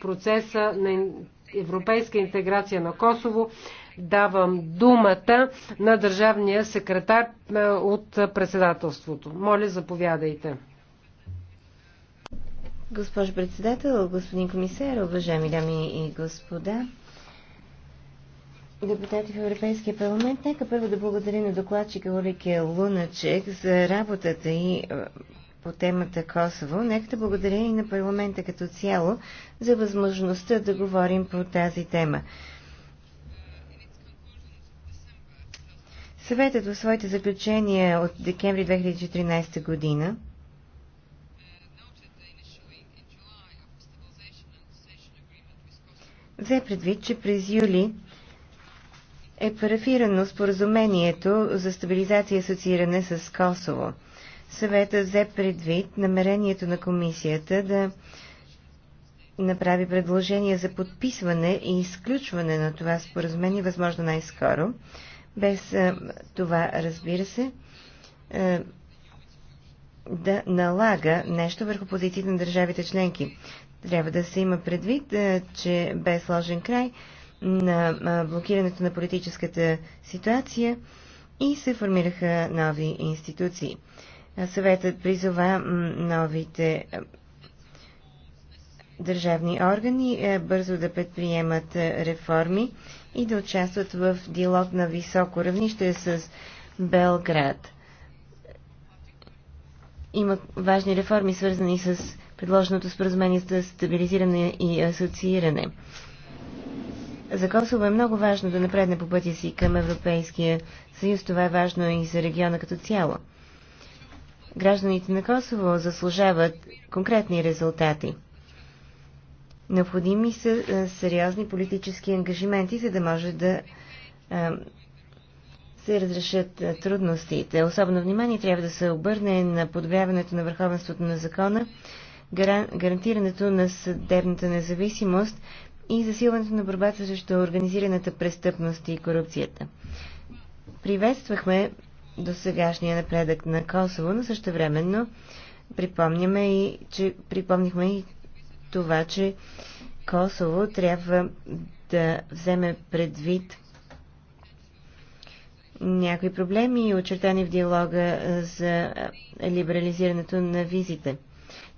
процеса на европейска интеграция на Косово. Давам думата на държавния секретар от председателството. Моля, заповядайте. Госпожо председател, господин комисар, уважаеми дами и господа, депутати в Европейския парламент, нека първо да благодаря на докладчика Олике Луначек за работата и по темата Косово, нека да благодаря и на парламента като цяло за възможността да говорим по тази тема. Съветът в своите заключения от декември 2014 година взе предвид, че през юли е парафирано споразумението за стабилизация и асоцииране с Косово – съвета взе предвид намерението на комисията да направи предложение за подписване и изключване на това споразумение, възможно най-скоро. Без това, разбира се, да налага нещо върху позициите на държавите членки. Трябва да се има предвид, че бе сложен край на блокирането на политическата ситуация и се формираха нови институции. Съветът призова новите държавни органи е, бързо да предприемат е, реформи и да участват в диалог на високо равнище с Белград. Има важни реформи, свързани с предложеното споразумение за стабилизиране и асоцииране. За Косово е много важно да напредне по пътя си към Европейския съюз. Това е важно и за региона като цяло. Гражданите на Косово заслужават конкретни резултати. Необходими са е, сериозни политически ангажименти, за да може да е, се разрешат е, трудностите. Особено внимание трябва да се обърне на подобряването на върховенството на закона, гарантирането на съдебната независимост и засилването на борбата срещу организираната престъпност и корупцията. Приветствахме до сегашния напредък на Косово, но също времено припомняме и, че припомнихме и това, че Косово трябва да вземе предвид някои проблеми, очертани в диалога за либерализирането на визите.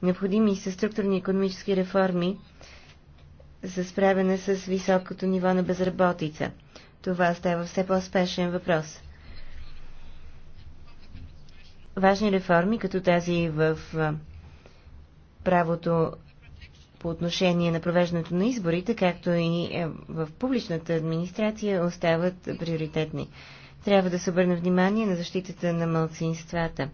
Необходими са структурни економически реформи за справяне с високото ниво на безработица. Това става все по-спешен въпрос важни реформи, като тази в правото по отношение на провеждането на изборите, както и е, в публичната администрация, остават приоритетни. Трябва да се обърне внимание на защитата на малцинствата.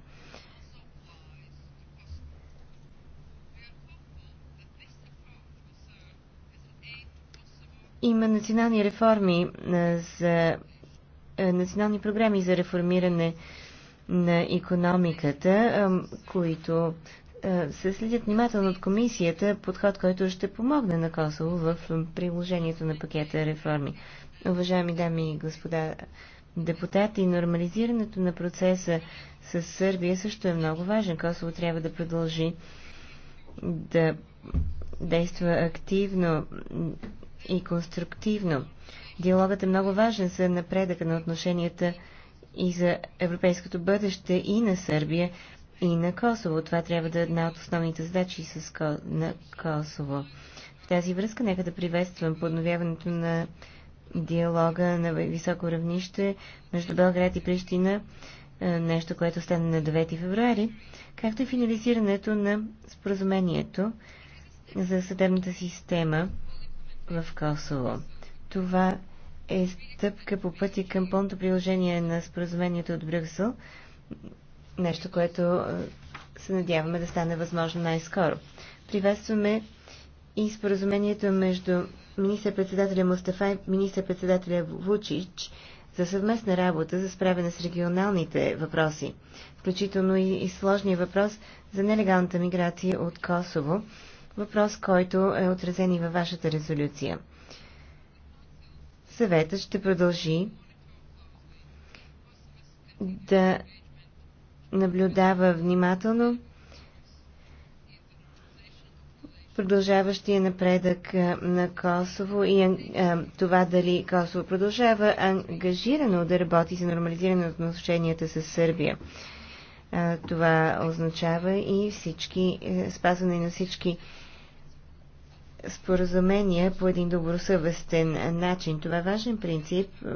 Има национални реформи за национални програми за реформиране на економиката, които се следят внимателно от комисията, подход, който ще помогне на Косово в приложението на пакета реформи. Уважаеми дами и господа депутати, нормализирането на процеса с Сърбия също е много важен. Косово трябва да продължи да действа активно и конструктивно. Диалогът е много важен за напредъка на отношенията и за европейското бъдеще и на Сърбия, и на Косово. Това трябва да е една от основните задачи с Ко... на Косово. В тази връзка нека да приветствам подновяването на диалога на високо равнище между Белград и Прищина, е, нещо, което стана на 9 февруари, както и финализирането на споразумението за съдебната система в Косово. Това е стъпка по пъти към пълното приложение на споразумението от Брюксел, нещо, което се надяваме да стане възможно най-скоро. Приветстваме и споразумението между министър-председателя Мустафа и министър-председателя Вучич за съвместна работа за справяне с регионалните въпроси, включително и сложния въпрос за нелегалната миграция от Косово, въпрос, който е отразен и във вашата резолюция съветът ще продължи да наблюдава внимателно продължаващия напредък на Косово и а, това дали Косово продължава ангажирано да работи за нормализиране на отношенията с Сърбия. А, това означава и всички, е, спазване на всички споразумения по един добросъвестен начин. Това е важен принцип е,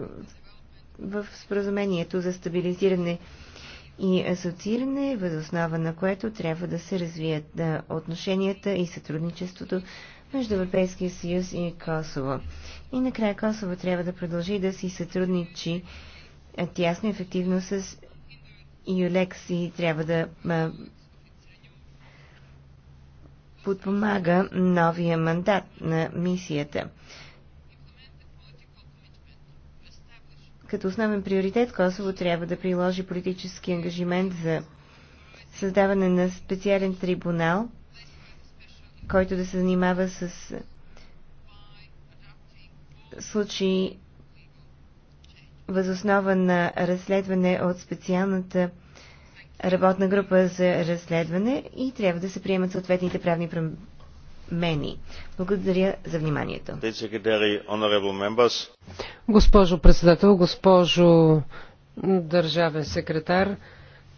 в споразумението за стабилизиране и асоцииране, възоснова на което трябва да се развият е, отношенията и сътрудничеството между Европейския съюз и Косово. И накрая Косово трябва да продължи да си сътрудничи е, тясно и ефективно с ЮЛЕКС и трябва да подпомага новия мандат на мисията. Като основен приоритет Косово трябва да приложи политически ангажимент за създаване на специален трибунал, който да се занимава с случаи възоснова на разследване от специалната работна група за разследване и трябва да се приемат съответните правни промени. Благодаря за вниманието. Госпожо председател, госпожо държавен секретар,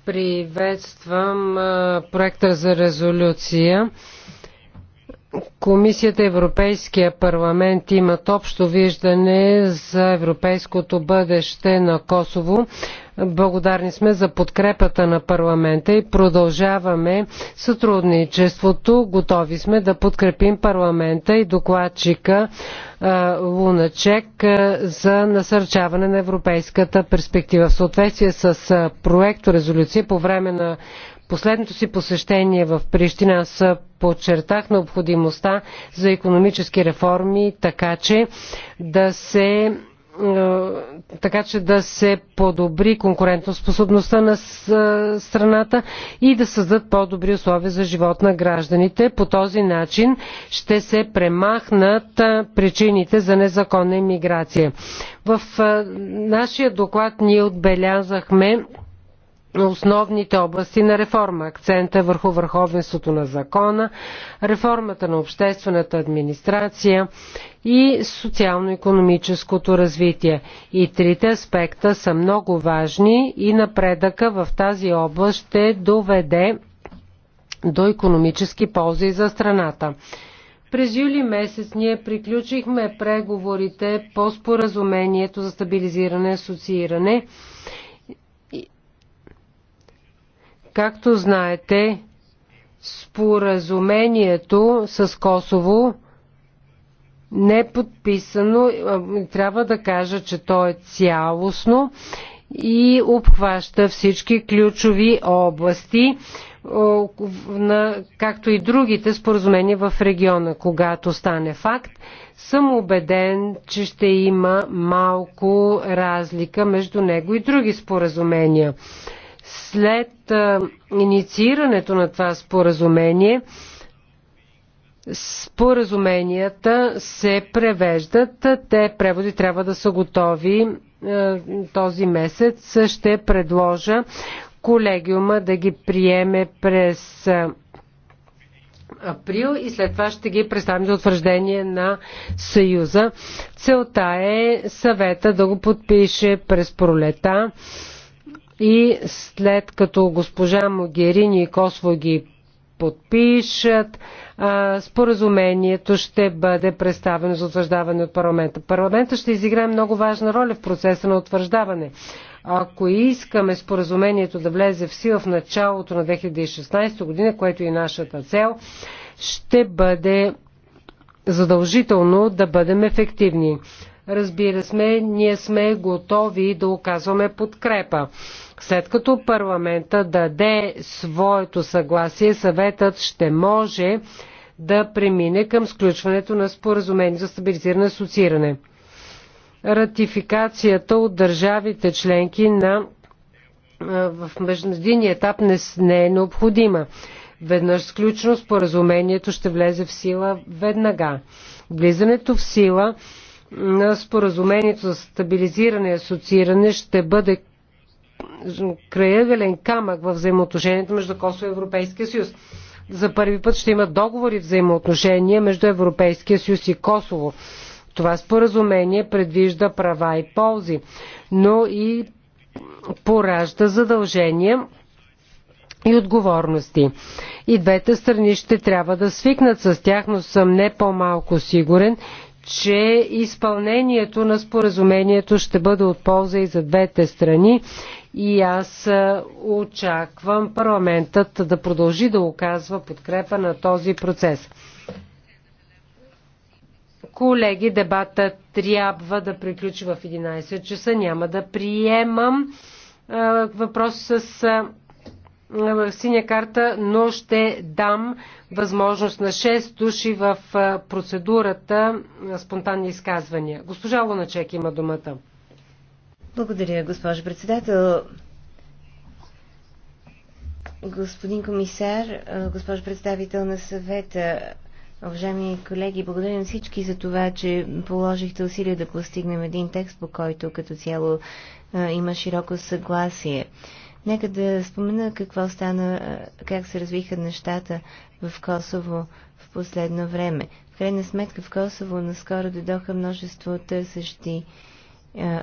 приветствам проекта за резолюция Комисията Европейския парламент имат общо виждане за европейското бъдеще на Косово. Благодарни сме за подкрепата на парламента и продължаваме сътрудничеството. Готови сме да подкрепим парламента и докладчика Луначек за насърчаване на европейската перспектива. В съответствие с проекто резолюция по време на последното си посещение в Прищина аз подчертах необходимостта за економически реформи, така че да се е, така че да се подобри конкурентоспособността на е, страната и да създадат по-добри условия за живот на гражданите. По този начин ще се премахнат е, причините за незаконна иммиграция. В нашия доклад ние отбелязахме основните области на реформа. Акцента върху върховенството на закона, реформата на обществената администрация и социално-економическото развитие. И трите аспекта са много важни и напредъка в тази област ще доведе до економически ползи за страната. През юли месец ние приключихме преговорите по споразумението за стабилизиране и асоцииране Както знаете, споразумението с Косово не е подписано. Трябва да кажа, че то е цялостно и обхваща всички ключови области, както и другите споразумения в региона. Когато стане факт, съм убеден, че ще има малко разлика между него и други споразумения. След инициирането на това споразумение, споразуменията се превеждат. Те преводи трябва да са готови този месец. Ще предложа колегиума да ги приеме през април и след това ще ги представим за утвърждение на Съюза. Целта е съвета да го подпише през пролета. И след като госпожа Могерини и Косво ги подпишат, споразумението ще бъде представено за утвърждаване от парламента. Парламента ще изиграе много важна роля в процеса на утвърждаване. Ако искаме споразумението да влезе в сила в началото на 2016 година, което е нашата цел, ще бъде задължително да бъдем ефективни. Разбира сме, ние сме готови да оказваме подкрепа. След като парламента даде своето съгласие, съветът ще може да премине към сключването на споразумение за стабилизиране и асоцииране. Ратификацията от държавите членки на в междинния етап не, не е необходима. Веднъж сключено споразумението ще влезе в сила веднага. Влизането в сила на споразумението за стабилизиране и асоцииране ще бъде краевелен камък в взаимоотношението между Косово и Европейския съюз. За първи път ще има договори взаимоотношения между Европейския съюз и Косово. Това споразумение предвижда права и ползи, но и поражда задължения и отговорности. И двете страни ще трябва да свикнат с тях, но съм не по-малко сигурен, че изпълнението на споразумението ще бъде от полза и за двете страни и аз очаквам парламентът да продължи да оказва подкрепа на този процес. Колеги, дебата трябва да приключи в 11 часа. Няма да приемам въпрос с синя карта, но ще дам възможност на 6 души в процедурата на спонтанни изказвания. Госпожа Луначек има думата. Благодаря, госпожо председател. Господин комисар, госпожо представител на съвета, уважаеми колеги, благодаря на всички за това, че положихте усилия да постигнем един текст, по който като цяло има широко съгласие. Нека да спомена какво стана, как се развиха нещата в Косово в последно време. В крайна сметка в Косово наскоро дойдоха множество търсещи е,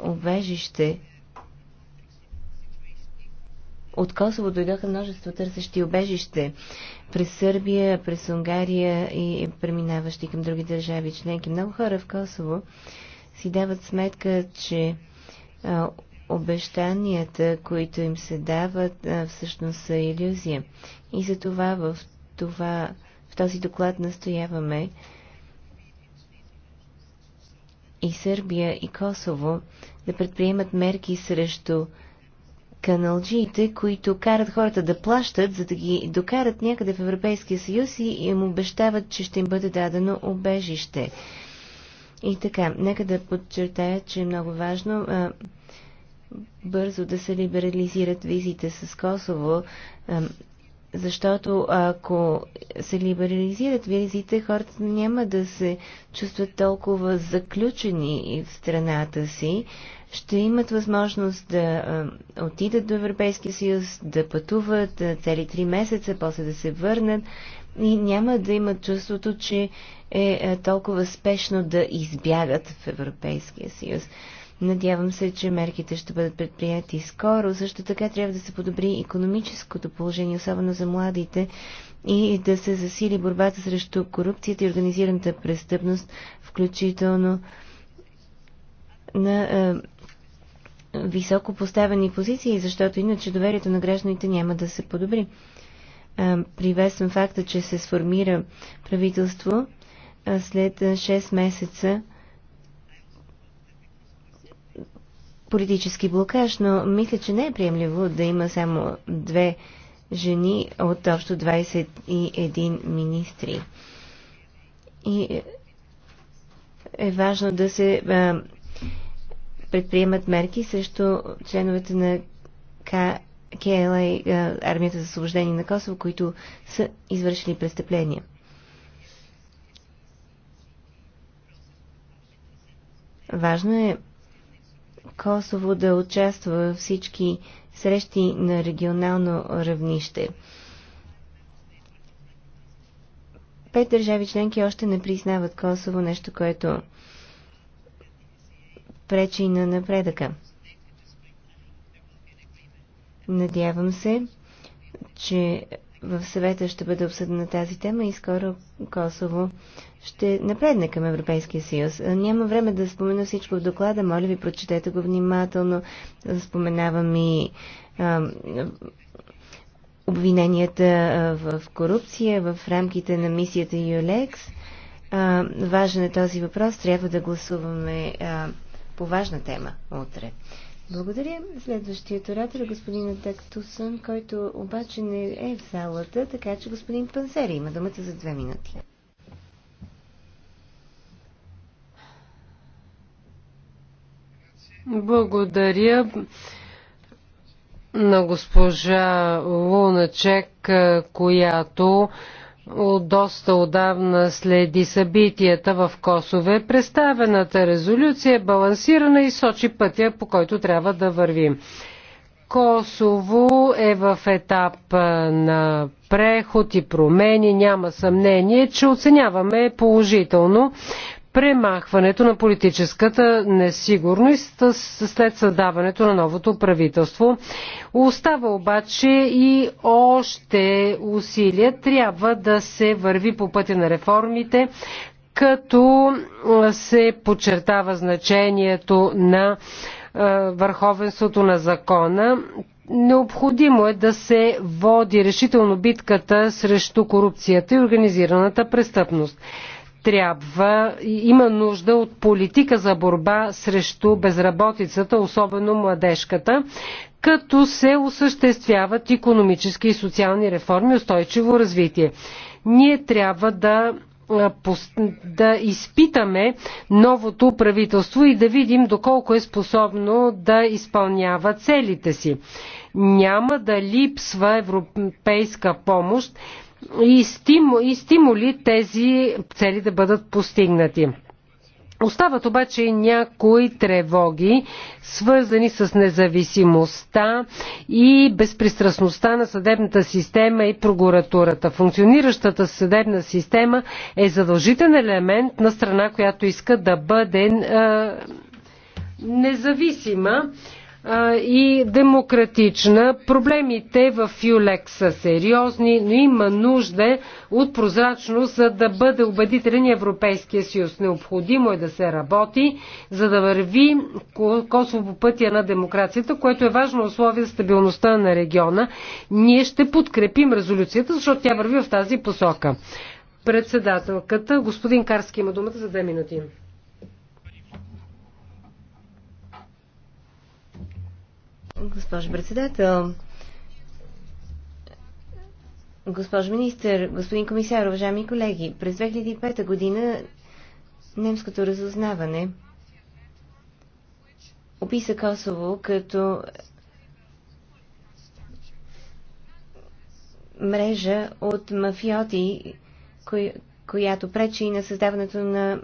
обежище. От Косово дойдоха множество търсещи обежище през Сърбия, през Унгария и преминаващи към други държави членки. Много хора в Косово си дават сметка, че обещанията, които им се дават, всъщност са иллюзия. И за това в, това, в този доклад настояваме и Сърбия, и Косово да предприемат мерки срещу каналджиите, които карат хората да плащат, за да ги докарат някъде в Европейския съюз и им обещават, че ще им бъде дадено обежище. И така, нека да подчертая, че е много важно бързо да се либерализират визите с Косово, защото ако се либерализират визите, хората няма да се чувстват толкова заключени в страната си. Ще имат възможност да отидат до Европейския съюз, да пътуват цели три месеца, после да се върнат и няма да имат чувството, че е толкова спешно да избягат в Европейския съюз. Надявам се, че мерките ще бъдат предприяти скоро. Също така трябва да се подобри економическото положение, особено за младите, и да се засили борбата срещу корупцията и организираната престъпност, включително на е, високо поставени позиции, защото иначе доверието на гражданите няма да се подобри. Е, приветствам факта, че се сформира правителство след 6 месеца политически блокаж, но мисля, че не е приемливо да има само две жени от общо 21 министри. И е важно да се а, предприемат мерки срещу членовете на КЛА, Армията за освобождение на Косово, които са извършили престъпления. Важно е Косово да участва във всички срещи на регионално равнище. Пет държави членки още не признават Косово, нещо, което пречи на напредъка. Надявам се, че в съвета ще бъде обсъдена тази тема и скоро Косово ще напредне към Европейския съюз. Няма време да спомена всичко в доклада, моля ви, прочетете го внимателно. Споменавам и а, обвиненията в корупция в рамките на мисията ЮЛЕКС. А, важен е този въпрос, трябва да гласуваме а, по важна тема утре. Благодаря. Следващият оратор е господин Тактусън, който обаче не е в залата, така че господин Пансери има думата за две минути. Благодаря на госпожа Луначек, която от доста отдавна следи събитията в Косове. Представената резолюция е балансирана и сочи пътя, по който трябва да вървим. Косово е в етап на преход и промени. Няма съмнение, че оценяваме положително премахването на политическата несигурност след създаването на новото правителство. Остава обаче и още усилия. Трябва да се върви по пътя на реформите, като се подчертава значението на е, върховенството на закона. Необходимо е да се води решително битката срещу корупцията и организираната престъпност трябва, има нужда от политика за борба срещу безработицата, особено младежката, като се осъществяват економически и социални реформи, устойчиво развитие. Ние трябва да да изпитаме новото правителство и да видим доколко е способно да изпълнява целите си. Няма да липсва европейска помощ и, стиму, и стимули тези цели да бъдат постигнати. Остават обаче и някои тревоги, свързани с независимостта и безпристрастността на съдебната система и прокуратурата. Функциониращата съдебна система е задължителен елемент на страна, която иска да бъде е, независима. Е, и демократична. Проблемите в ЮЛЕК са сериозни, но има нужда от прозрачност, за да бъде убедителен Европейския съюз. Необходимо е да се работи, за да върви Косово по пътя на демокрацията, което е важно условие за стабилността на региона. Ние ще подкрепим резолюцията, защото тя върви в тази посока. Председателката, господин Карски има думата за две минути. Госпожо председател, госпожо министър, господин комисар, уважаеми колеги, през 2005 година немското разузнаване описа Косово като мрежа от мафиоти, която пречи на създаването на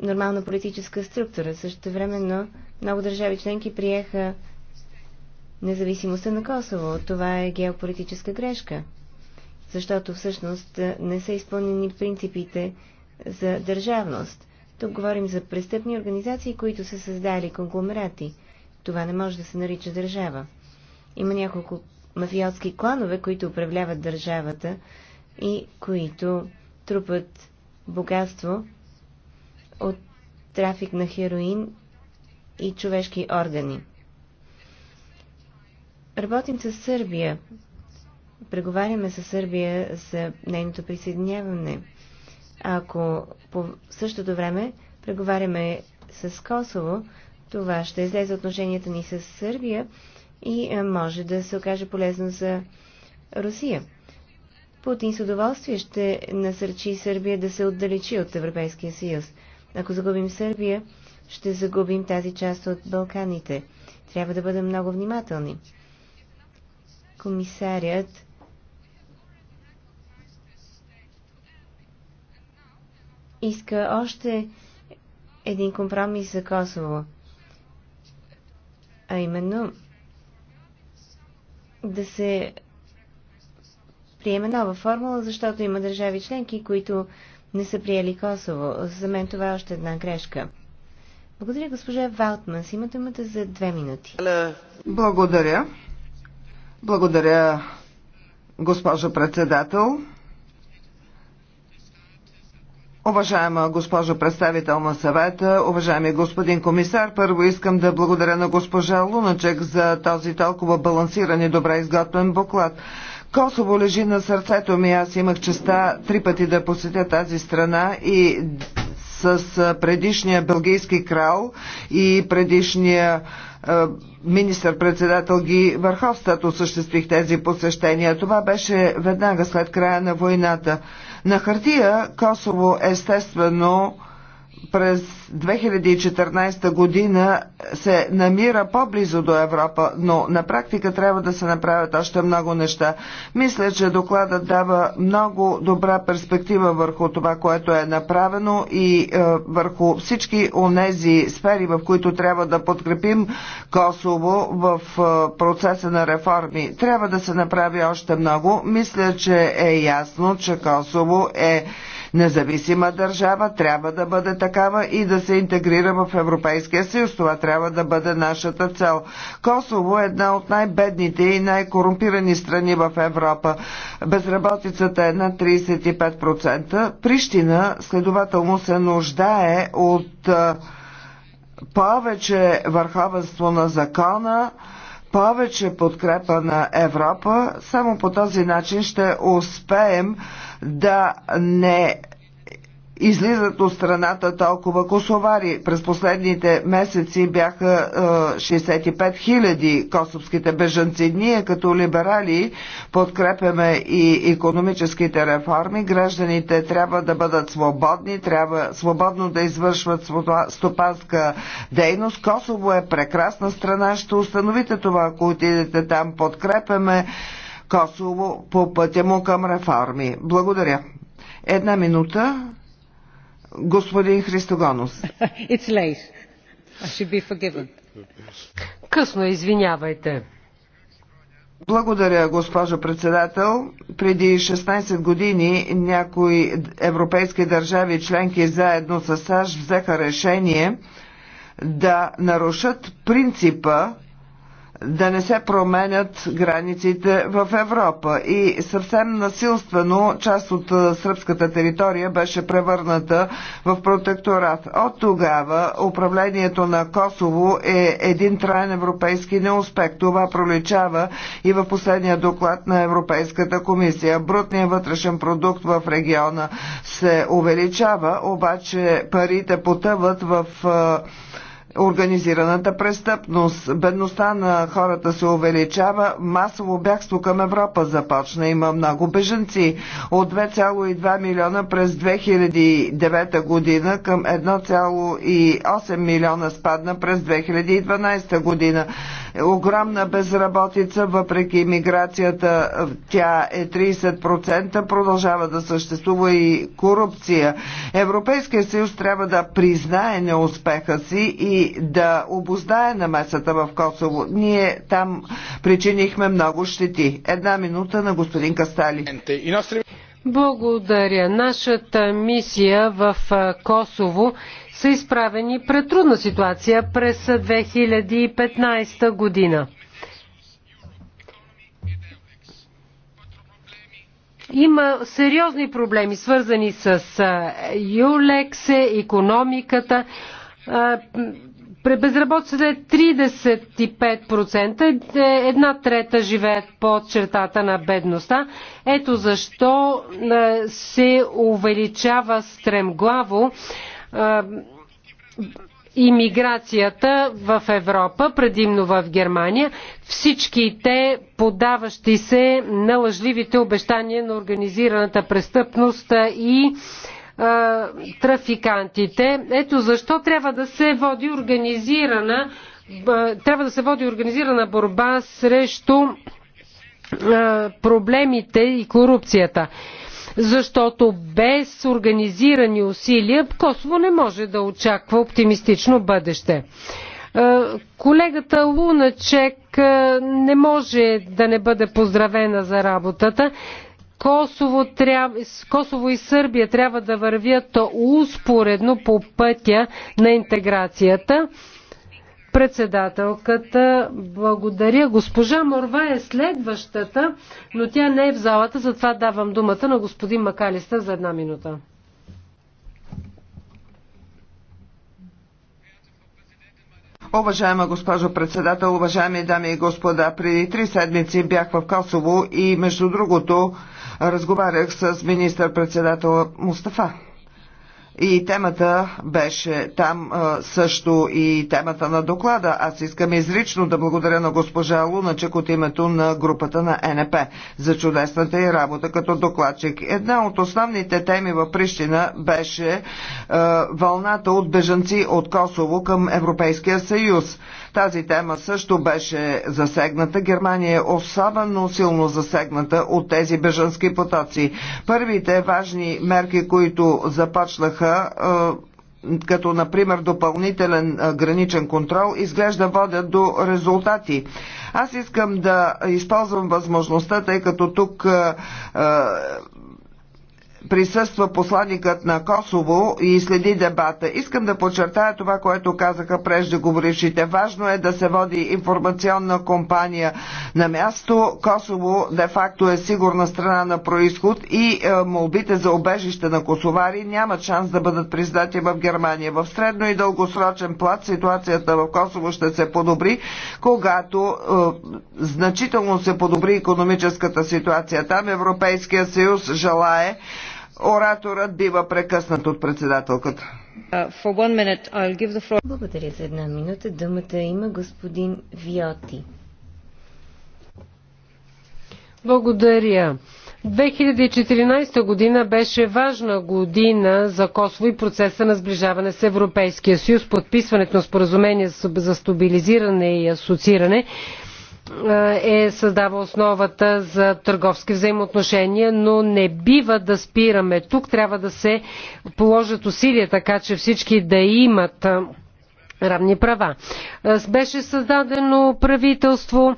нормална политическа структура. Също времено много държави членки приеха независимостта на Косово. Това е геополитическа грешка, защото всъщност е, не са изпълнени принципите за държавност. Тук говорим за престъпни организации, които са създали конгломерати. Това не може да се нарича държава. Има няколко мафиотски кланове, които управляват държавата и които трупат богатство от трафик на хероин и човешки органи. Работим с Сърбия. Преговаряме с Сърбия за нейното присъединяване. Ако по същото време преговаряме с Косово, това ще излезе отношенията ни с Сърбия и може да се окаже полезно за Русия. Путин с удоволствие ще насърчи Сърбия да се отдалечи от Европейския съюз. Ако загубим Сърбия, ще загубим тази част от Балканите. Трябва да бъдем много внимателни комисарят иска още един компромис за Косово, а именно да се приеме нова формула, защото има държави членки, които не са приели Косово. За мен това е още една грешка. Благодаря, госпожа Валтманс. Имате думата за две минути. Благодаря. Благодаря, госпожо председател. Уважаема госпожо представител на съвета, уважаеми господин комисар, първо искам да благодаря на госпожа Луначек за този толкова балансиран и добре изготвен буклад. Косово лежи на сърцето ми. Аз имах честа три пъти да посетя тази страна и с предишния бългийски крал и предишния министър-председател ги Върховстът осъществих тези посещения. Това беше веднага след края на войната. На хартия Косово естествено през 2014 година се намира по-близо до Европа, но на практика трябва да се направят още много неща. Мисля, че докладът дава много добра перспектива върху това, което е направено и е, върху всички онези сфери, в които трябва да подкрепим Косово в е, процеса на реформи. Трябва да се направи още много. Мисля, че е ясно, че Косово е независима държава, трябва да бъде такава и да се интегрира в Европейския съюз. Това трябва да бъде нашата цел. Косово е една от най-бедните и най-корумпирани страни в Европа. Безработицата е на 35%. Прищина следователно се нуждае от повече върховенство на закона, повече подкрепа на Европа. Само по този начин ще успеем да не излизат от страната толкова косовари. През последните месеци бяха 65 е, 000 косовските бежанци. Ние като либерали подкрепяме и економическите реформи. Гражданите трябва да бъдат свободни, трябва свободно да извършват стопанска дейност. Косово е прекрасна страна. Ще установите това, ако отидете там. Подкрепяме Косово по пътя му към реформи. Благодаря. Една минута. Господин Христогонос. It's late. I should be forgiven. Късно, е, извинявайте. Благодаря, госпожо председател. Преди 16 години някои европейски държави членки заедно с САЩ взеха решение да нарушат принципа да не се променят границите в Европа. И съвсем насилствено част от сръбската територия беше превърната в протекторат. От тогава управлението на Косово е един траен европейски неуспех. Това проличава и в последния доклад на Европейската комисия. Брутният вътрешен продукт в региона се увеличава, обаче парите потъват в организираната престъпност. Бедността на хората се увеличава, масово бягство към Европа започна. Има много беженци от 2,2 милиона през 2009 година към 1,8 милиона спадна през 2012 година. Огромна безработица, въпреки миграцията, тя е 30%, продължава да съществува и корупция. Европейския съюз трябва да признае неуспеха си и да обоздае намесата в Косово. Ние там причинихме много щети. Една минута на господин Кастали. Благодаря. Нашата мисия в Косово са изправени пред трудна ситуация през 2015 година. Има сериозни проблеми, свързани с Юлексе, економиката, безработица е 35%, е, една трета живеят под чертата на бедността. Ето защо е, се увеличава стремглаво е, имиграцията в Европа, предимно в Германия, всички те подаващи се на лъжливите обещания на организираната престъпност и трафикантите. Ето защо трябва да се води организирана трябва да се води организирана борба срещу проблемите и корупцията. Защото без организирани усилия Косово не може да очаква оптимистично бъдеще. Колегата Луначек не може да не бъде поздравена за работата. Косово, трябва, Косово и Сърбия трябва да вървят успоредно по пътя на интеграцията. Председателката, благодаря. Госпожа Морва е следващата, но тя не е в залата, затова давам думата на господин Макалиста за една минута. Уважаема госпожо председател, уважаеми дами и господа, преди три седмици бях в Косово и между другото разговарях с министър-председател Мустафа. И темата беше там също и темата на доклада. Аз искам изрично да благодаря на госпожа Луначек от името на групата на НП за чудесната и работа като докладчик. Една от основните теми в Прищина беше е, вълната от бежанци от Косово към Европейския съюз. Тази тема също беше засегната. Германия е особено силно засегната от тези бежански потоци. Първите важни мерки, които започнаха е, като например допълнителен е, граничен контрол, изглежда водят до резултати. Аз искам да използвам възможността, тъй като тук е, присъства посланникът на Косово и следи дебата. Искам да подчертая това, което казаха преждеговорившите. Важно е да се води информационна компания на място. Косово де-факто е сигурна страна на происход и е, молбите за обежище на косовари нямат шанс да бъдат признати в Германия. В средно и дългосрочен плат ситуацията в Косово ще се подобри, когато е, значително се подобри економическата ситуация. Там Европейския съюз желае Ораторът бива прекъснат от председателката. Благодаря за една минута. Думата има господин Виоти. Благодаря. 2014 година беше важна година за Косово и процеса на сближаване с Европейския съюз, подписването на споразумение за стабилизиране и асоцииране е създава основата за търговски взаимоотношения, но не бива да спираме. Тук трябва да се положат усилия, така че всички да имат равни права. Беше създадено правителство,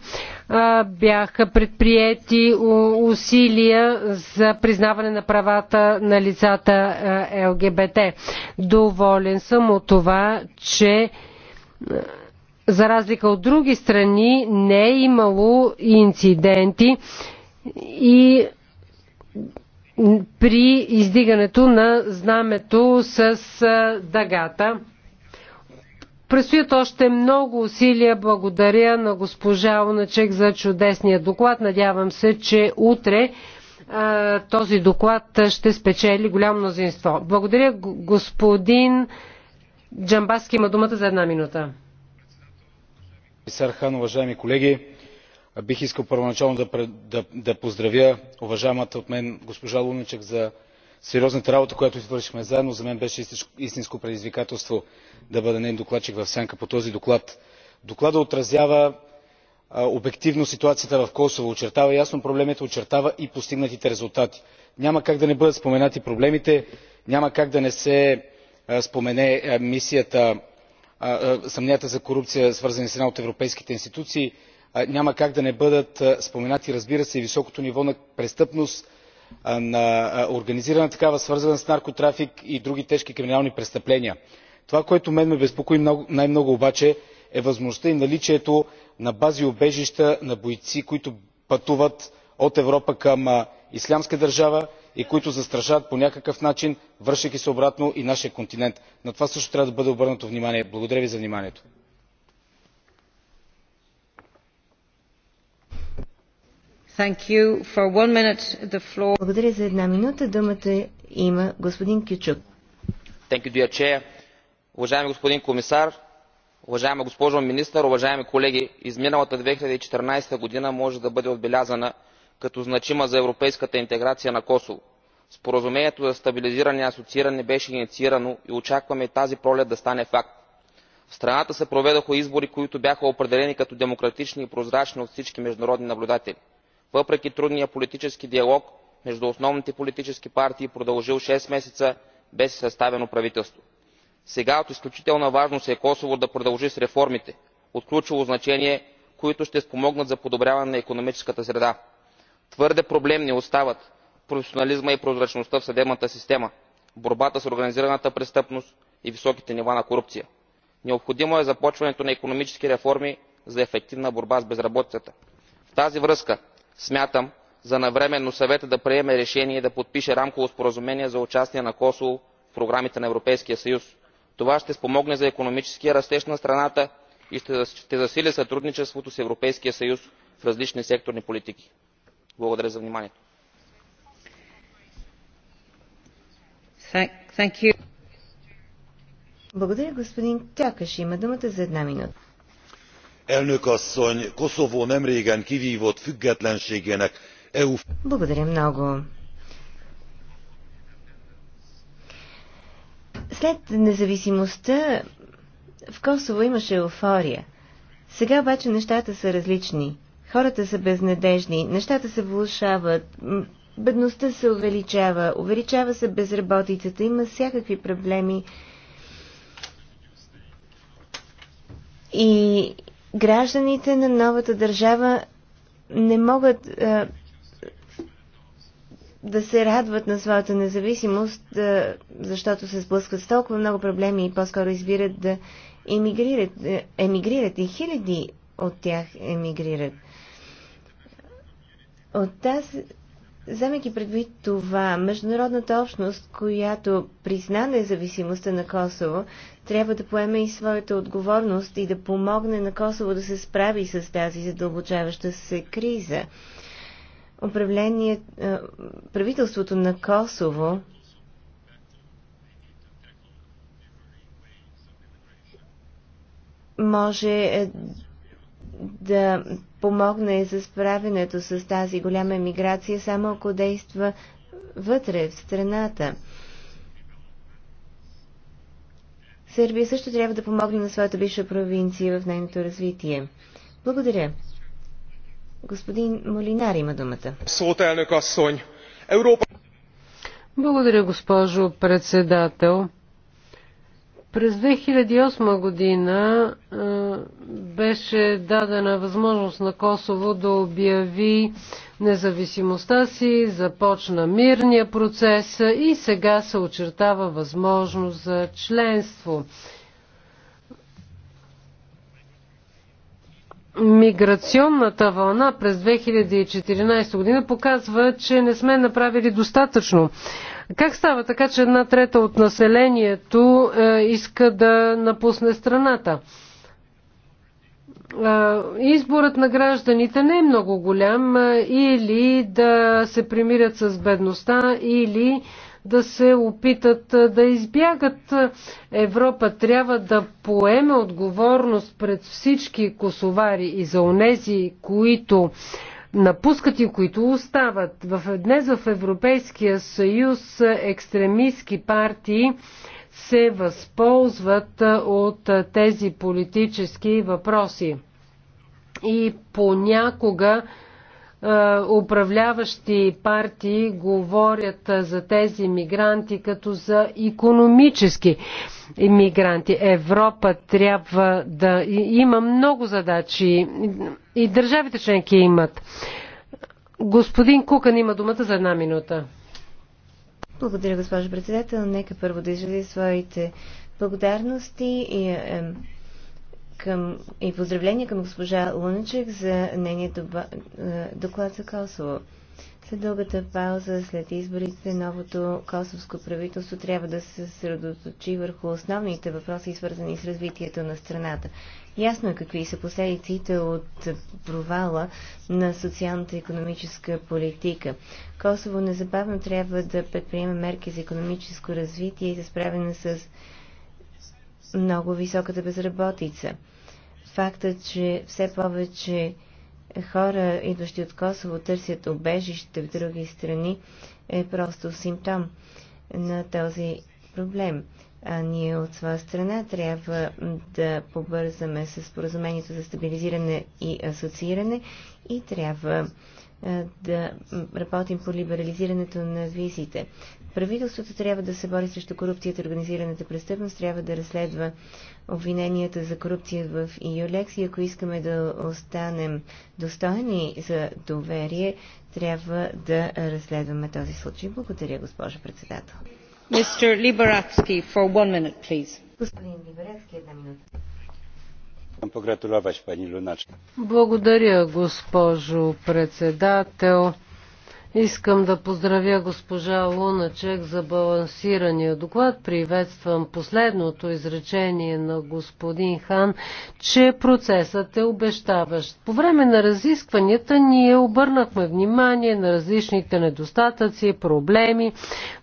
бяха предприяти усилия за признаване на правата на лицата ЛГБТ. Доволен съм от това, че за разлика от други страни, не е имало инциденти и при издигането на знамето с дъгата. Предстоят още много усилия. Благодаря на госпожа Оначек за чудесния доклад. Надявам се, че утре а, този доклад ще спечели голямо мнозинство. Благодаря, господин Джамбаски има думата за една минута комисар хан уважаеми колеги! бих искал първоначално да поздравя уважаваната от мен госпожа lunacek за сериозната работа която извършихме заедно. за мен беше истинско предизвикателство да бъда неин докладчик в сянка по този доклад. докладът отразява обективно ситуацията в косово очертава ясно проблемите очертава и постигнатите резултати. няма как да не бъдат споменати проблемите няма как да не се спомене мисията съмненията за корупция свързани с една от европейските институции няма как да не бъдат споменати разбира се и високото ниво на престъпност на организирана такава свързана с наркотрафик и други тежки криминални престъпления. това което мен ме безпокои най много обаче е възможността и наличието на бази и убежища на бойци които пътуват от европа към ислямска държава и които застрашават по някакъв начин връщайки се обратно и нашия континент. на това също трябва да бъде обърнато внимание. благодаря ви за вниманието. Благодаря за една минута. Думата има господин Кючук. Уважаеми господин комисар, уважаема госпожо министър, уважаеми колеги! Изминалата 2014 година може да бъде отбелязана като значима за европейската интеграция на косово. споразумението за стабилизиране и асоцииране беше инициирано и очакваме тази пролет да стане факт. в страната се проведоха избори които бяха определени като демократични и прозрачни от всички международни наблюдатели. въпреки трудния политически диалог между основните политически партии продължил шест месеца без съставено правителство. сега от изключителна важност е косово да продължи с реформите от ключово значение които ще спомогнат за подобряване на економическата среда твърде проблемни остават професионализмът и прозрачността в съдебната система борбата с организираната престъпност и високите нива на корупция. необходимо е започването на икономически реформи за ефективна борба с безработицата. в тази връзка смятам за навременно съветът да приеме решение и да подпише рамково споразумение за участие на косово в програмите на европейския съюз. това ще спомогне за икономическия растеж на страната и ще засили сътрудничеството с европейския съюз в различни секторни политики благодаря за вниманието. Благодаря, господин Тякаш. Има думата за една минута. Елнък Elnök asszony, Koszovó nemrégen kivívott függetlenségének EU... Благодаря много. След независимостта в Косово имаше еуфория. Сега обаче нещата са различни. Хората са безнадежни, нещата се влушават, бедността се увеличава, увеличава се безработицата, има всякакви проблеми. И гражданите на новата държава не могат а, да се радват на своята независимост, а, защото се сблъскват с толкова много проблеми и по-скоро избират да емигрират, е, емигрират и хиляди от тях емигрират. От тази, вземайки предвид това, международната общност, която призна независимостта на Косово, трябва да поеме и своята отговорност и да помогне на Косово да се справи с тази задълбочаваща се криза. Управление, правителството на Косово може е, да помогне за справянето с тази голяма миграция, само ако действа вътре, в страната. Сърбия също трябва да помогне на своята бивша провинция в нейното развитие. Благодаря. Господин Молинар има думата. Благодаря, госпожо председател. През 2008 година беше дадена възможност на Косово да обяви независимостта си, започна мирния процес и сега се очертава възможност за членство. Миграционната вълна през 2014 година показва, че не сме направили достатъчно как става така, че една трета от населението е, иска да напусне страната? изборът на гражданите не е много голям е, или да се примирят с бедността, или да се опитат е, да избягат. Европа трябва да поеме отговорност пред всички косовари и за онези, които напускат и които остават. В, днес в Европейския съюз екстремистски партии се възползват от тези политически въпроси. И понякога е, управляващи партии говорят е, за тези мигранти като за економически мигранти. Европа трябва да има много задачи и държавите членки имат. Господин Кукан има думата за една минута. Благодаря, госпожо председател. Нека първо да изрази своите благодарности и е, е, към, и поздравления към госпожа Луначек за нейния доба... Е, доклад за Косово. След дългата пауза след изборите, новото косовско правителство трябва да се съсредоточи върху основните въпроси, свързани с развитието на страната. Ясно е какви са последиците от провала на социалната и економическа политика. Косово незабавно трябва да предприеме мерки за економическо развитие и за справяне с много високата безработица. Факта, че все повече хора, идващи от Косово, търсят обежище в други страни, е просто симптом на този проблем. А ние от своя страна трябва да побързаме с поразумението за стабилизиране и асоцииране и трябва да работим по либерализирането на визите. Правителството трябва да се бори срещу корупцията организираната престъпност, трябва да разследва обвиненията за корупция в Юлекс и ако искаме да останем достойни за доверие, трябва да разследваме този случай. Благодаря, госпожо председател. Мистер Liberacki, for one minute, please. Господин Либерацки, една минута. Благодаря, госпожо председател. Искам да поздравя госпожа Луначек за балансирания доклад. Приветствам последното изречение на господин Хан, че процесът е обещаващ. По време на разискванията ние обърнахме внимание на различните недостатъци, проблеми,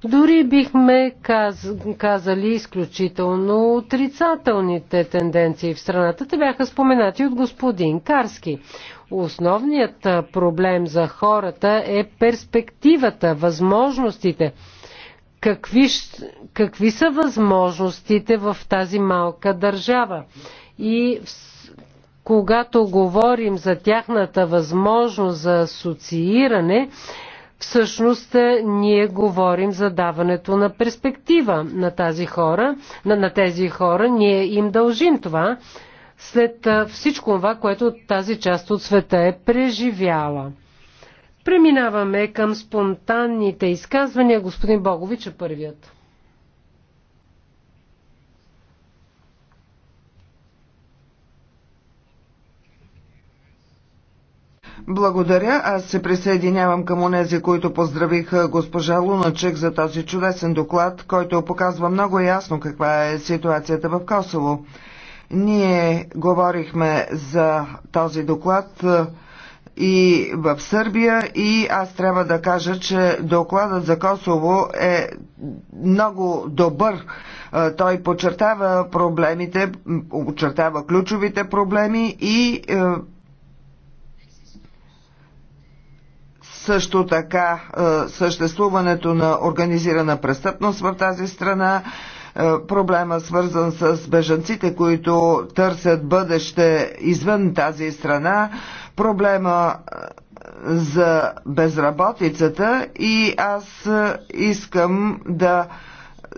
дори бихме каз... казали изключително отрицателните тенденции в страната. Те бяха споменати от господин Карски. Основният проблем за хората е перспективата, възможностите. Какви, какви са възможностите в тази малка държава? И когато говорим за тяхната възможност за асоцииране, всъщност ние говорим за даването на перспектива на тази хора, на, на тези хора. Ние им дължим това след всичко това, което тази част от света е преживяла. Преминаваме към спонтанните изказвания. Господин Богович е първият. Благодаря. Аз се присъединявам към онези, които поздравиха госпожа Луначек за този чудесен доклад, който показва много ясно каква е ситуацията в Косово. Ние говорихме за този доклад е, и в Сърбия и аз трябва да кажа, че докладът за Косово е много добър. Е, той подчертава проблемите, очертава ключовите проблеми и е, също така съществуването на организирана престъпност в тази страна е, проблема свързан с бежанците, които търсят бъдеще извън тази страна, проблема е, за безработицата и аз е, искам да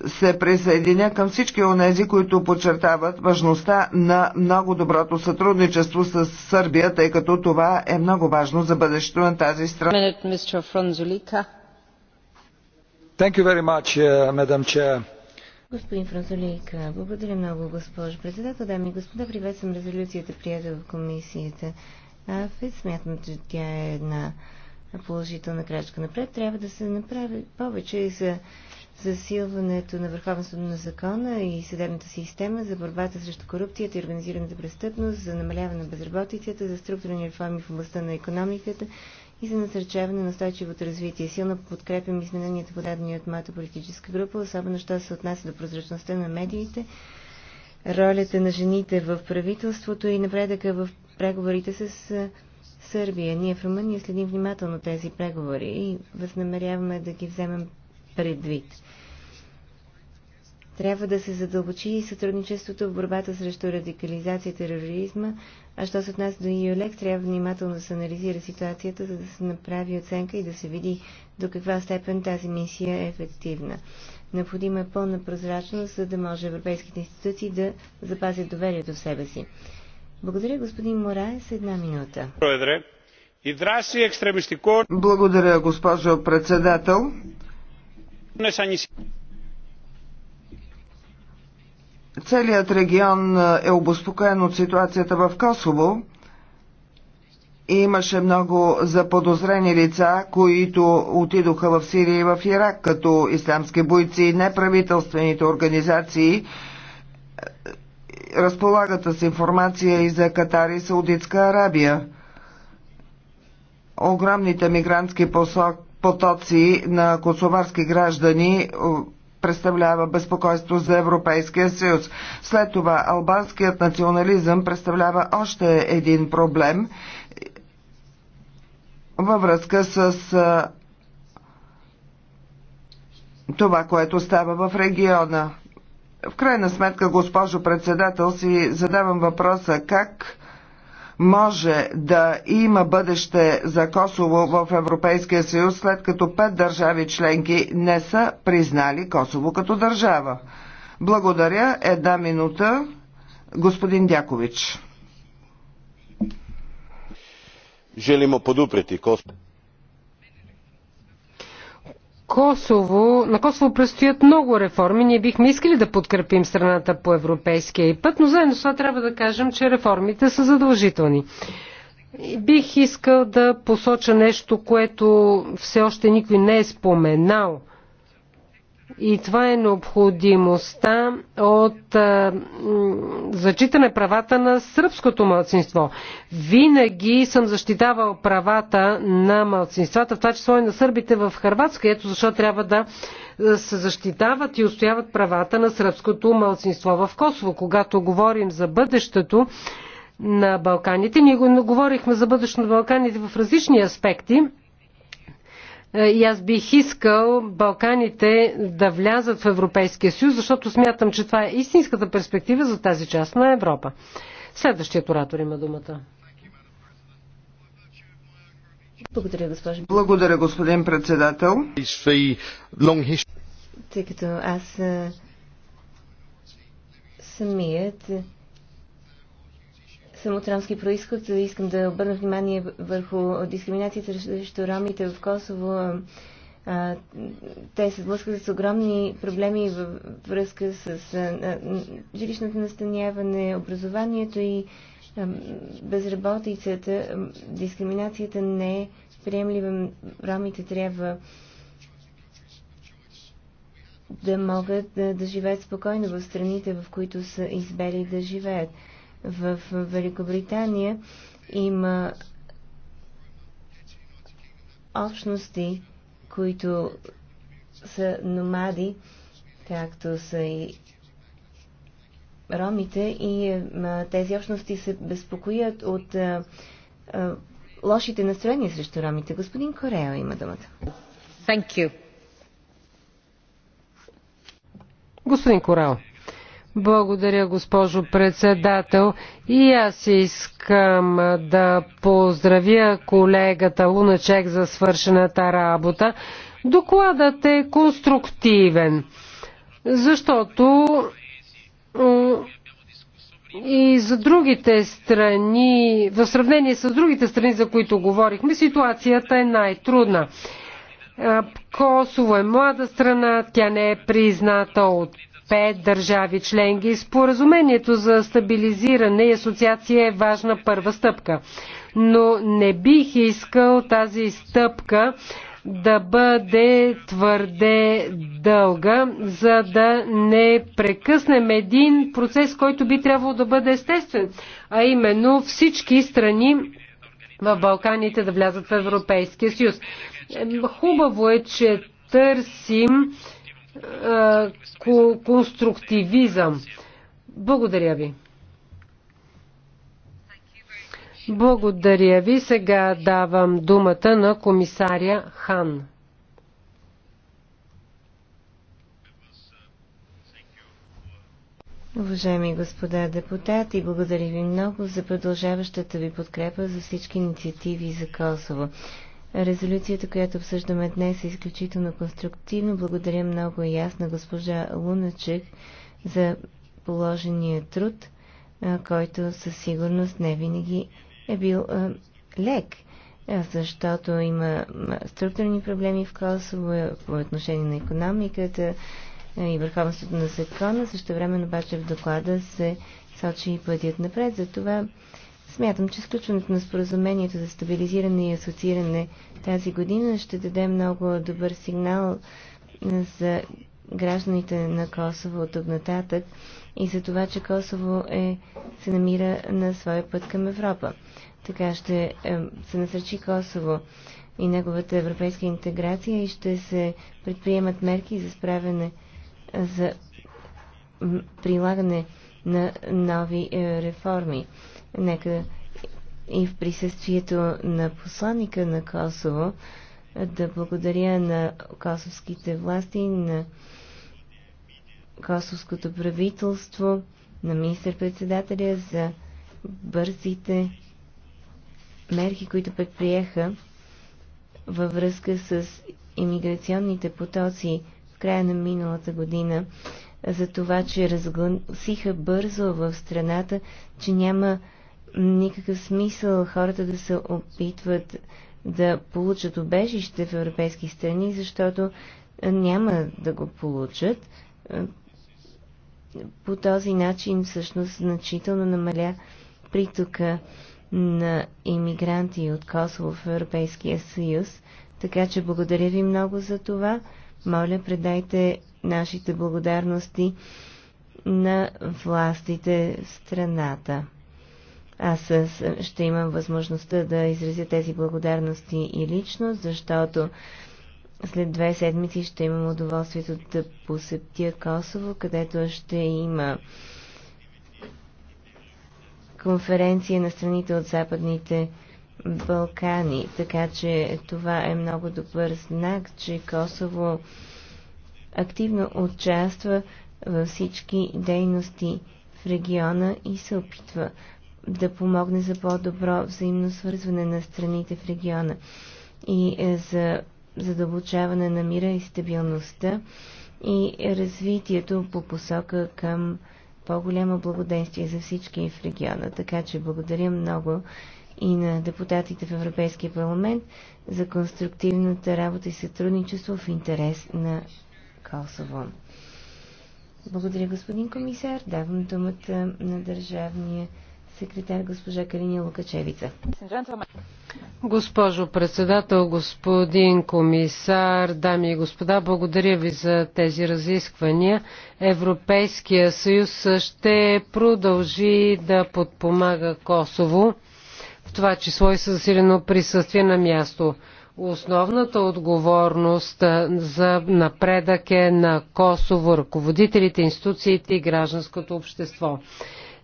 се присъединя към всички онези, които подчертават важността на много доброто сътрудничество с Сърбия, тъй като това е много важно за бъдещето на тази страна. Thank you very much, uh, Madam Chair. Господин Францолика, благодаря много, госпожо председател. Дами и господа, приветствам резолюцията, приятел в комисията. АФИД. Смятам, че тя е една положителна крачка напред. Трябва да се направи повече и за засилването на върховенството на закона и съдебната система, за борбата срещу корупцията и организираната престъпност, за намаляване на безработицата, за структурни реформи в областта на економиката, и за насърчаване на стойчивото развитие. Силно подкрепям измененията, дадения от моята политическа група, особено що се отнася до прозрачността на медиите, ролята на жените в правителството и напредъка в преговорите с Сърбия. Ние в Румъния следим внимателно тези преговори и възнамеряваме да ги вземем предвид. Трябва да се задълбочи и сътрудничеството в борбата срещу радикализация и тероризма, а що се отнася до ИОЛЕК, трябва внимателно да се анализира ситуацията, за да се направи оценка и да се види до каква степен тази мисия е ефективна. Необходима е пълна прозрачност, за да може европейските институции да запазят доверието в себе си. Благодаря, господин Мораес. Една минута. Благодаря, госпожо председател. Целият регион е обоспокоен от ситуацията в Косово. И имаше много заподозрени лица, които отидоха в Сирия и в Ирак, като ислямски бойци, неправителствените организации разполагат с информация и за Катар и Саудитска Арабия. Огромните мигрантски посок, потоци на косоварски граждани представлява безпокойство за Европейския съюз. След това албанският национализъм представлява още един проблем във връзка с това, което става в региона. В крайна сметка, госпожо председател, си задавам въпроса как може да има бъдеще за Косово в Европейския съюз, след като пет държави членки не са признали Косово като държава. Благодаря. Една минута. Господин Дякович. Желимо подупрети Косово Косово, на Косово предстоят много реформи. Ние бихме искали да подкрепим страната по европейския и път, но заедно с това трябва да кажем, че реформите са задължителни. Бих искал да посоча нещо, което все още никой не е споменал – и това е необходимостта от а, зачитане правата на сръбското малцинство. Винаги съм защитавал правата на малцинствата, в това число и на сърбите в Харватска. Ето защо трябва да се защитават и устояват правата на сръбското малцинство в Косово. Когато говорим за бъдещето на Балканите, ние говорихме за бъдещето на Балканите в различни аспекти. Е, и аз бих искал Балканите да влязат в Европейския съюз, защото смятам, че това е истинската перспектива за тази част на Европа. Следващият оратор има думата. Благодаря, Благодаря, господин председател. Тъй като аз е, самият съм от рамски происход. Искам да обърна внимание върху дискриминацията срещу ромите в Косово. те се сблъскват с огромни проблеми във връзка с жилищното настаняване, образованието и безработицата. Дискриминацията не е приемлива. Ромите трябва да могат да, да живеят спокойно в страните, в които са избели да живеят. В Великобритания има общности, които са номади, както са и ромите, и тези общности се безпокоят от лошите настроения срещу ромите. Господин Корео има думата. Thank you. Господин Корео, благодаря, госпожо председател. И аз искам да поздравя колегата Луначек за свършената работа. Докладът е конструктивен, защото и за другите страни, в сравнение с другите страни, за които говорихме, ситуацията е най-трудна. Косово е млада страна, тя не е призната от пет държави членки. Споразумението за стабилизиране и асоциация е важна първа стъпка. Но не бих искал тази стъпка да бъде твърде дълга, за да не прекъснем един процес, който би трябвало да бъде естествен, а именно всички страни в Балканите да влязат в Европейския съюз. Хубаво е, че търсим е, конструктивизъм. Благодаря ви. Благодаря ви. Сега давам думата на комисаря Хан. Уважаеми господа депутати, благодаря ви много за продължаващата ви подкрепа за всички инициативи за Косово. Резолюцията, която обсъждаме днес е изключително конструктивна. Благодаря много и аз на госпожа Луначек за положения труд, който със сигурност не винаги е бил лек, защото има структурни проблеми в Косово е, по отношение на економиката и върховенството на закона. Също време обаче в доклада се сочи и пътят напред. Затова Смятам, че сключването на споразумението за стабилизиране и асоцииране тази година ще даде много добър сигнал за гражданите на Косово от тук нататък и за това, че Косово е, се намира на своя път към Европа. Така ще е, се насърчи Косово и неговата европейска интеграция и ще се предприемат мерки за справяне за прилагане на нови е, реформи. Нека и в присъствието на посланника на Косово да благодаря на косовските власти, на косовското правителство, на министър-председателя за бързите мерки, които предприеха във връзка с иммиграционните потоци в края на миналата година, за това, че разгласиха бързо в страната, че няма никакъв смисъл хората да се опитват да получат обежище в европейски страни, защото няма да го получат. По този начин всъщност значително намаля притока на иммигранти от Косово в Европейския съюз. Така че благодаря ви много за това. Моля, предайте нашите благодарности на властите в страната. Аз ще имам възможността да изразя тези благодарности и лично, защото след две седмици ще имам удоволствието да посетя Косово, където ще има конференция на страните от Западните Балкани. Така че това е много добър знак, че Косово активно участва във всички дейности в региона и се опитва да помогне за по-добро взаимно свързване на страните в региона и е, за задълбочаване на мира и стабилността и развитието по посока към по-голямо благоденствие за всички в региона. Така че благодаря много и на депутатите в Европейския парламент за конструктивната работа и сътрудничество в интерес на Косово. Благодаря, господин комисар. Давам думата на държавния секретар госпожа Калиния Лукачевица. Госпожо председател, господин комисар, дами и господа, благодаря ви за тези разисквания. Европейския съюз ще продължи да подпомага Косово, в това число и съсилено присъствие на място. Основната отговорност за напредък е на Косово, ръководителите, институциите и гражданското общество.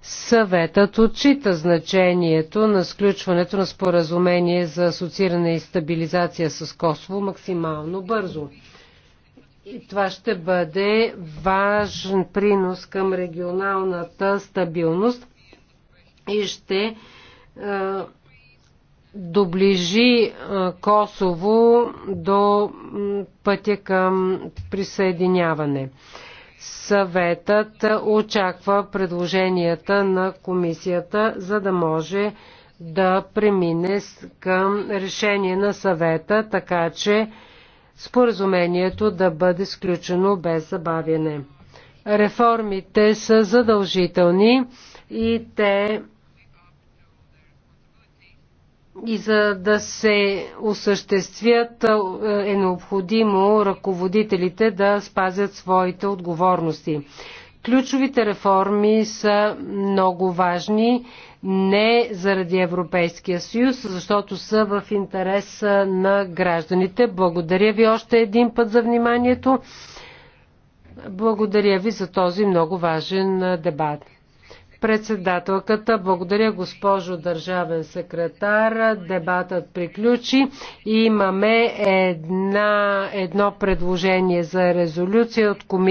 Съветът отчита значението на сключването на споразумение за асоцииране и стабилизация с Косово максимално бързо. И това ще бъде важен принос към регионалната стабилност и ще е, доближи е, Косово до пътя към присъединяване. Съветът очаква предложенията на комисията, за да може да премине към решение на съвета, така че споразумението да бъде сключено без забавяне. Реформите са задължителни и те и за да се осъществят е, е необходимо ръководителите да спазят своите отговорности. Ключовите реформи са много важни не заради Европейския съюз, защото са в интерес е, на гражданите. Благодаря ви още един път за вниманието. Благодаря ви за този много важен е, дебат. Председателката, благодаря госпожо държавен секретар. Дебатът приключи. Имаме една, едно предложение за резолюция от комисията.